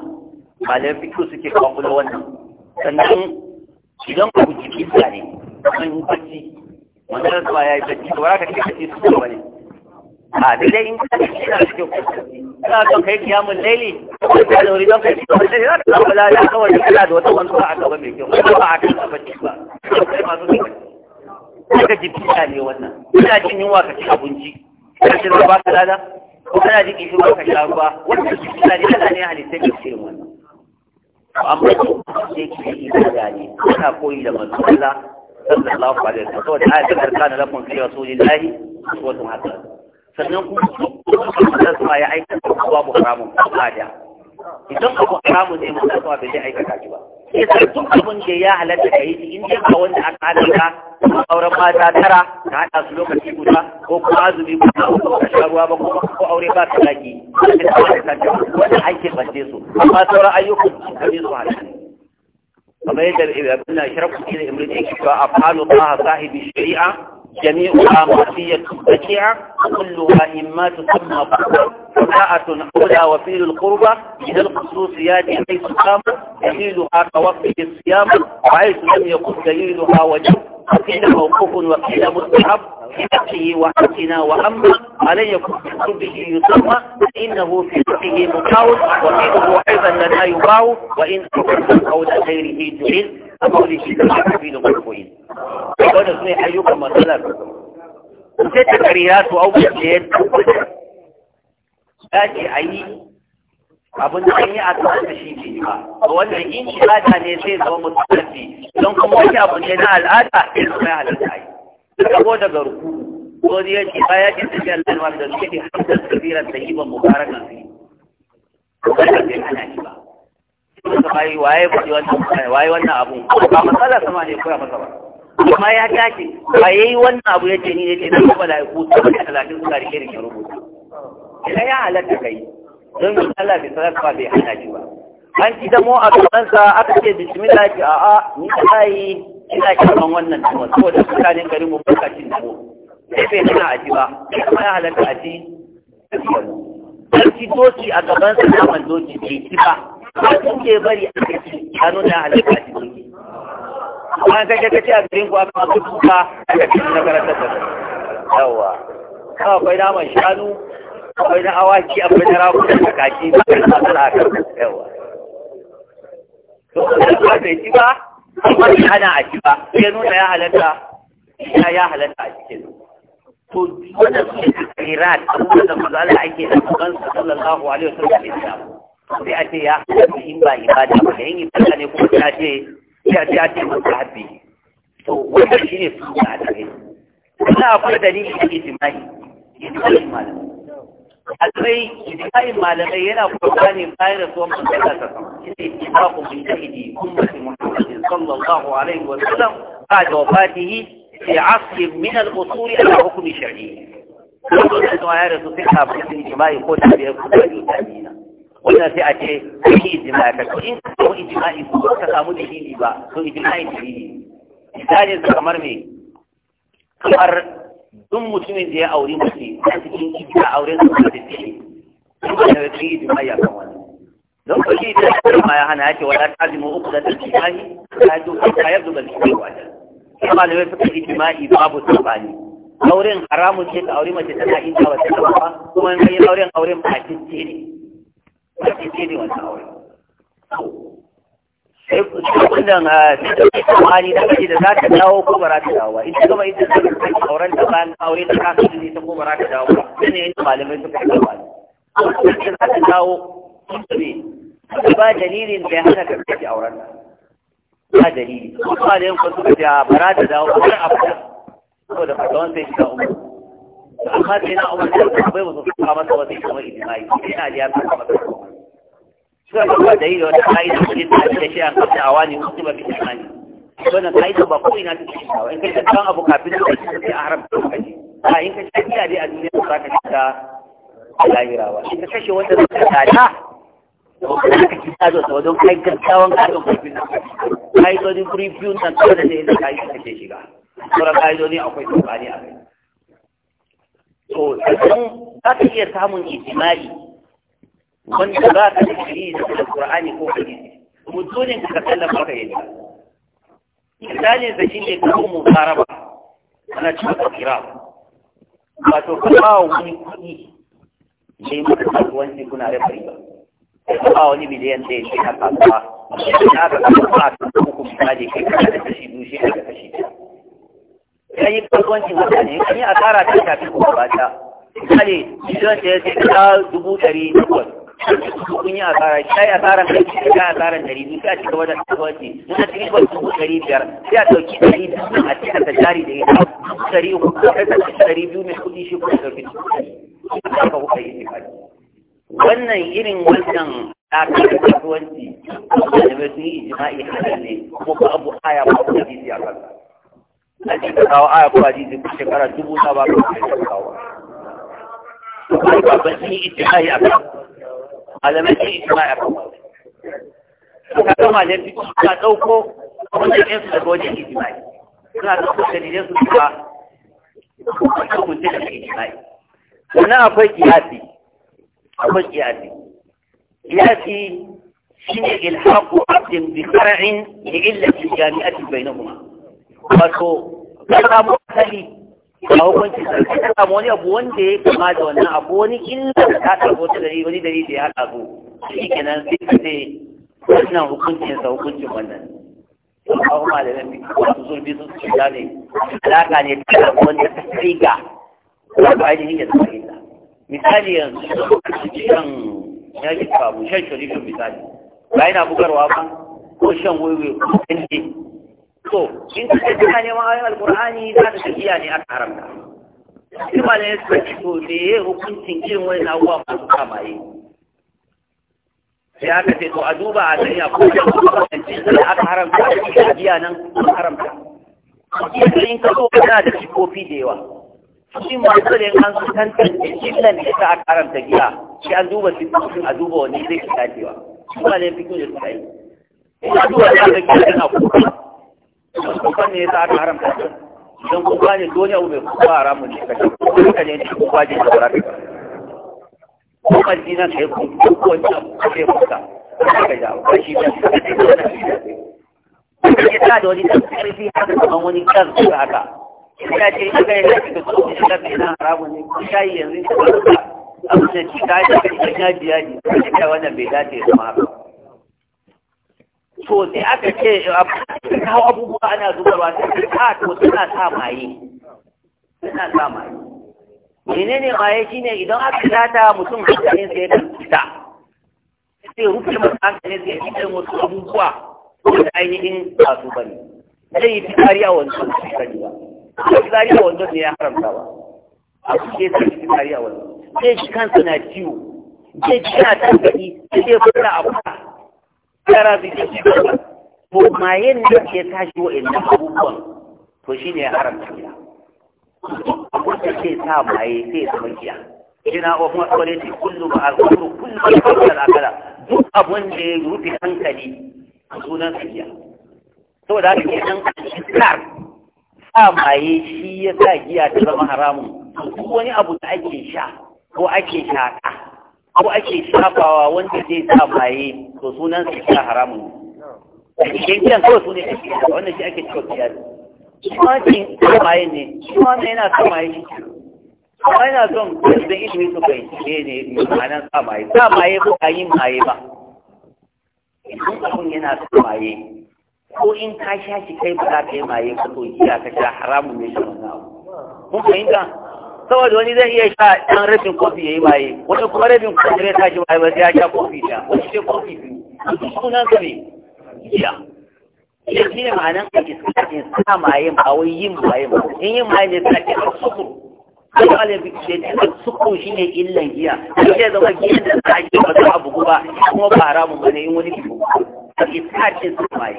malayan fito suke kwakula wannan sannan idan ba ku ji kisa ne kan yi bacci wanda da zuwa ya yi bacci ba za ka ce kace su kuma ne a daidai in ka ce kina da kyau Ina son kai kiyamun laili ko ka da wuri don kai kiyamun laili za ka samu lada kawai kana da wata ba a gaba mai kyau ba a kan bacci ba kai masu bacci daga jibiya ne wannan ina jin yunwa ka ci abinci kana jin ba ka lada ko kana jin kishi ba ka sha ruwa wannan jibiya ne kana ne halittar da irin wannan amma da ki yi ibada ne Kuna koyi da manzo Allah sallallahu alaihi wasallam saboda ayatul arkana lakum fi rasulillahi uswatun hasana sannan kuma da su ya aikata babu haramun ibada idan abu haramun ne mutum ba bai aikata ka ba yasa duk abin da ya halatta ka yi in ji ba wanda aka halatta auren mata tara ka haɗa su lokaci guda ko kuma azumi guda ko ka sha ruwa ba ko ko aure ba ta laƙi wanda ake bace su amma sauran ayyukan su kaje su halatta kamar yadda eh, ibn sharafu ne imrin a cewa afalu a sahibi shari'a جميعها معصية بشعة كلها إما تسمى طاعة أولى وفيل القربى من الخصوصيات حيث قام دليلها توفي الصيام وحيث لم يكن دليلها وجب وقيل موقوف وقيل مستحب بحقه وحقنا وأما علي يكون بقربه يسمى فإنه في حقه مكاون وقيله أيضا لنا يباع وإن أكثر قول غيره جعل a maulidi da aka da kwaikwayi wanda su ne ayyukan matsalar sai ta kariya su abubuwan da ya ya ce a yi abin da an yi a kan da shi ke ba wannan in al'ada ne sai zama musulunci don kuma wani abu ne na al'ada sai zama ya halatta yi sabo daga ruku ko ya ce ba ya ce tafi Allah ma da suke hamdan kabiran da yi ban mubarakan su yi ba ana yi ba waye waye waye wannan abu ba matsala sama ne koya masa ba amma ya tashi ba yi wannan abu yace ni yace na kuma da ku ta talatin kuna rike rike rubuta Ina ya halatta kai don Allah bai sanar ba bai hana ji ba an ci damo a kansa aka ce bismillah ki a'a ni kai ina kiran wannan tuwa saboda mutanen garin mu barka cin damo sai bai hana aji ba kuma ya halatta aji sarki doki a gabansa na naman doki bai ba abin ke bari a kaci ya nuna halitta a cikin amma kan ka kaci a garin ku aka masu duka a cikin na karantar da yawa kawai akwai naman shanu akwai na awaki akwai na rakuna da kaki ba ka sa suna kan yawa to ba ka yi ba amma ka hana a ji ba ya nuna ya halatta ya ya halatta a cikin to wannan su ne kirat abubuwan da mazala ake da kansa sallallahu alaihi wasallam sai a ce ya haɗa in ba ibada ba da yin ibada ne kuma ta ce ya ce a ce masa haɗe to wannan shi ne su da yi wannan akwai dalili da ijimai ijimai malamai alai ijimai malamai yana kuma ne bayan da tsohon mutum da ta sama shi ne ijimaku bin jahidi ummatin muhammadin sallallahu alaihi wa sallam ba da wafatihi fi asli min al-usuli ala hukumi shar'i. Kuma da ya rasu sai ka fi ijimai ko da biyar kuma ta ita wannan sai a ce an yi ijma'i ka to in ka samu ijma'i ko ka samu dalili ba to ijma'i dalili misali kamar me kamar duk mutumin da ya aure mace a cikin ijma auren su da dalili in ba da yi ijma'i a kan wannan don ko shi da kuma ya hana yake wala tazimu uku da ijma'i ka ji ka yabdu da ijma'i wajen sai malamai suka ijma'i babu sabani auren haramun ce ka aure mace ta tana ta wata ba kuma in kai auren auren ba a cikin ne ba ta ce da wannan aure sai wannan samari da kaji da za ta dawo ko ba ta dawo ba in ta gama ita zai kai auren da ba na aure ta kasu ne ta ko ba ta dawo ba shi ne yadda malamai suka yi gaba ne ta za ta dawo ne ba dalilin da ya hana ka kaji auren nan ba dalili ko ba da yanku suka ce ah, ba za ta dawo ba a fata saboda fatawan sai shiga umar amma sai na umar da bai musu kama masa wasu kamar ijimai ina da ya kama masa sai ba dalili wata ka'ida cikin da ta shi an kafa awani mutum ba bi imani wannan ka'ida ba ko ina ta shi ba in kai kan abu kafin da shi sai a haramta ka ji a in kai tafiya dai a duniya ba ka ta lahirawa in ka kashe wanda zai tsada to ka ci tsado to don kai gaggawan kaɗin kafin ka'idodin preview nan kawai da zai da ka'ida ta ke shiga sauran ka'idodin akwai tsofani a kai to idan za ka iya samun ijimai wanda za ka da shi da alqur'ani ko hadisi mutulin ka ba ka yi misalin sa shine kawo ba ana cewa kira wato ka ba wani kuɗi ne maka wani kuna da riba ka ba wani miliyan ɗaya shi na kasuwa shi aka kasuwa a kan uku misali kai ka da kashi biyu shi ka kashi ka yi kasuwanci mutane kan yi asara ta shafi kuma ba ta misali miliyan ɗaya sai ka dubu ɗari takwas kun yi asara kai asaran da ke ga asaran dari ni ka ci gaba da kawai mun da dari biyar sai a dauki dari da a cikin da jari da ita dari uku sai ta dari biyu mai kudi shi ko da kudi haka kuka yi ne wannan irin wannan tsarin kasuwanci da mai sun yi jima'i hakan ne kuma ba abu aya ba da hadisi a kan a cikin kawo aya ko hadisi ko shekara dubu ta ba ko kawo ba ba sun yi jima'i a kan malamai sun yi jima'i a kan wannan ka ga malamai suna ɗauko wannan ɗin su daga wajen ijima'i suna ɗauko dalilin su suka kuka mutum da ijima'i sannan akwai kiyasi akwai kiyasi kiyasi shine ilhaqu abdin bi far'in li illati jami'atin bainahuma wato ka mu asali ba hukunci sarki ta samu wani abu wanda ya kama da wannan abu wani illa da ta tabo ta dari wani dari da ya tabo shi kenan sai ka ce wannan hukuncin sa hukuncin wannan kawo malamin biki wasu zurbi sun su shiga ne alaƙa ne ta da wanda ta tsiga wato ainihin ya zama illa misali yanzu shan yaji babu shan shirifin misali ba yana bugarwa ba ko shan waiwai ko kanje to in ka ce kana neman ayoyin alkur'ani za ka tafiya ne aka haramta shi ba ne suka ce to da ya hukuncin irin wani abubuwa masu kamaye sai aka ce to a duba a sani a kuma da kwanci da aka haramta a cikin ajiya nan aka haramta yadda in ka so kana da shi kofi da yawa shi masu ne an su tantance illan da ta aka haramta giya shi an duba sikofin a duba wani zai fi dacewa shi ba ne fito da suka yi ina duba da aka gina na kuka ne yasa aka haramta shi don kuka ne dole abu kuka haramun ne kaje kuka ne ne kuka ne da fara ko madina kai ku ko wancan kai kuka kaje da kashi da kaje ta da wani tsarfi haka kaman wani kan su haka ina ce ina ga da su ne da ina haramun ne shayi yanzu ta ba abu ne ci ta da kan yaji yaji kaje wannan bai dace da ma haka to sai aka ce sun kawo abubuwa ana zubarwa ta ce ta to suna sa maye suna sa maye menene maye shine idan aka tata mutum hankalin sai da fita sai rufe masu hankalin sai fitar wasu abubuwa wanda ainihin ba su zai yi fitari a wancan su fitari ba ko fitari a wancan ne ya haramta ba a kuke yi fitari a wancan sai shi kansa na ciwo sai shi na tankali sai fara abuwa yara zai ke shi ba Ko ma yadda ke tashi wa'annan abubuwan to shi ne haramta giya abin da ke sa maye sai ya zama giya ina of masquality kullum a al'umru kullum a al'akala akala duk abin da ya rufe hankali a sunan sa giya saboda haka ke nan kar sa maye shi ya sa giya ta zama haramun duk wani abu da ake sha ko ake shaƙa ko ake shafawa wanda zai sa maye to sunan sa haramun ne shi gidan kawai su ne wannan shi ake cikin siyasa kuma cin kamaye ne kuma wannan yana kamaye shi kuma yana son da ilimi su kai ne ne ma'anar kamaye kamaye ko ka yi maye ba idan abun yana kamaye ko in ka sha shi kai ba za ka yi maye ba to jiya ka sha haramun ne shi wannan abu Mun fahimta saboda wani zai iya sha ɗan rabin kofi ya yi maye wani kuma rabin kofi ne ta shi maye ba sai ya sha kofi ta wani sai kofi biyu sunan ka ne jiya shi ne ma'anan a iskatin sa mayin ba wai yin mayin ba in yin mayin ne ta ke a suku sai ba ne bikin da ta suku shi ne illan iya shi ne zama giyan da sa ke ba za a bugu ba kuma ba haramun ba ne in wani bugu a iskatin sa sai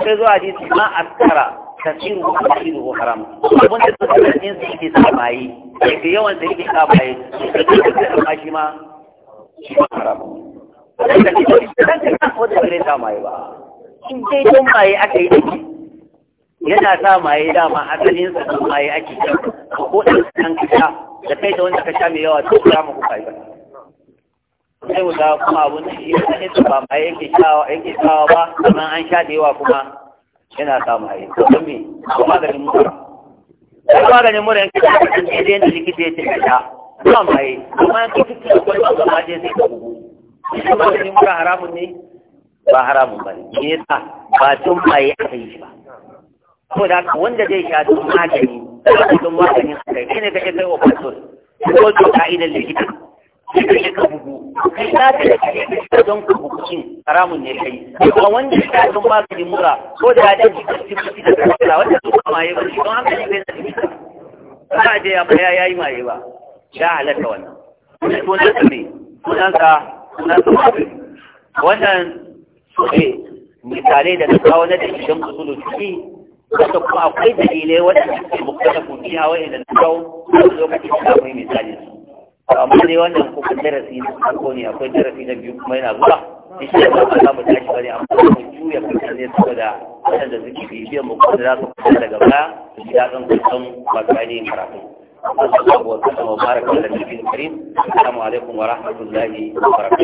zuwa hadisi ma askara tasiru wa tasiru wa haram abin da ta tsara in su ke sa mayi da yawan da yake sa mayi da ta shi ma shi ma haram. Sai da ke da ta kan ko da gare ta mayi ba. in dai don maye aka yi aiki yana sa maye dama asalin sa don maye ake ko ɗan kan kasha da kai da wanda ka sha mai yawa mu ya yi ba sai mu ga kuma abun shi sani su ba maye yake shawa yake shawa ba sannan an sha da yawa kuma yana sa maye to don me ko maganin mura A maganin mura yanke da kan ne da likita ya ce ka ba maye amma yanke kike da kwalba ga maje sai ka bugu shi maganin mura haramun ne ba haramun ba ne me ba tun baye aka yi shi ba ko da haka wanda zai sha tun magani da tun maganin a kai ne ka kai wa pastor ko to ina likita ne ka bugu kai za ka da kake don ka bugu kin haramun ne kai kuma wanda ya tun maganin mura ko da da jiki jiki da kala wanda su kama yi ba don hankali bai zai likita ba je ya baya yayi maye ba ya halaka wannan ko da ne ka ko da ka wannan sosai eh, misalai da na kawo na dalilin usulun ciki wata kuma akwai dalilai waɗanda suke bukata ku biya wani da na kawo wani lokacin da akwai misali su amma dai wannan kuma darasi na farko ne akwai darasi na biyu kuma yana zuwa in shi ba za mu tashi bane amma mu juya kuɗi ne saboda waɗanda suke bibiyan mu kuma za su fita daga baya su ji daɗin kusan masu ainihin karatu. وصلى الله وسلم وبارك على النبي الكريم السلام عليكم ورحمه الله وبركاته